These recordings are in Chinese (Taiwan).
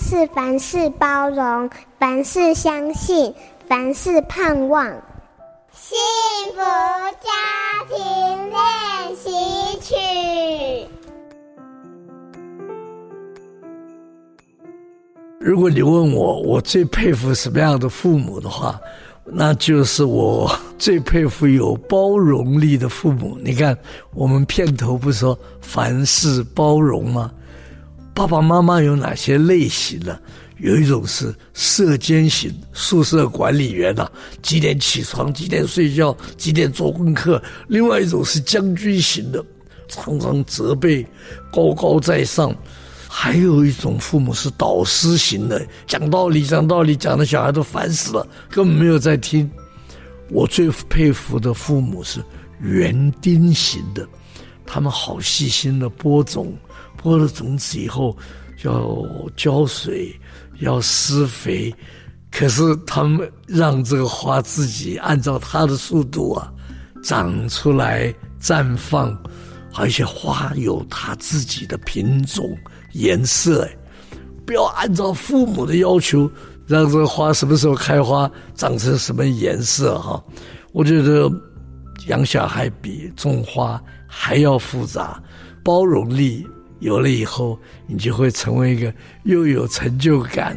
是凡事包容，凡事相信，凡事盼望。幸福家庭練習曲。如果你問我，我最佩服什麼樣的父母的話，那就是我最佩服有包容力的父母。你看，我們片頭不是說凡事包容嗎？爸爸媽媽有哪些類型呢、啊？有一種是舍監型宿舍管理員啊，幾點起床，幾點睡覺，幾點做功課；另外一種是將軍型的，常常責備，高高在上；還有一種父母是導師型的，講道理，講道理，講的小孩都煩死了，根本沒有在聽。我最佩服的父母是園丁型的，他們好細心的播種。播了種子以後，要澆水，要施肥。可是他們讓這個花自己按照它的速度啊，長出來、綻放。而且花有它自己的品種、顏色。不要按照父母的要求，讓這個花什麼時候開花，長成什麼顏色哈。我覺得養小孩比種花還要複雜，包容力。有了以後，你就會成為一個又有成就感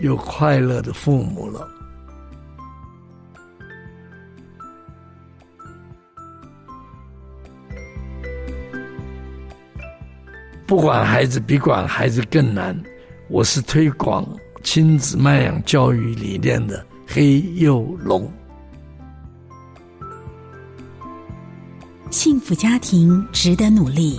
又快樂的父母了。不管孩子比管孩子更難，我是推廣親子慢養教育理念的黑幼龍。幸福家庭值得努力。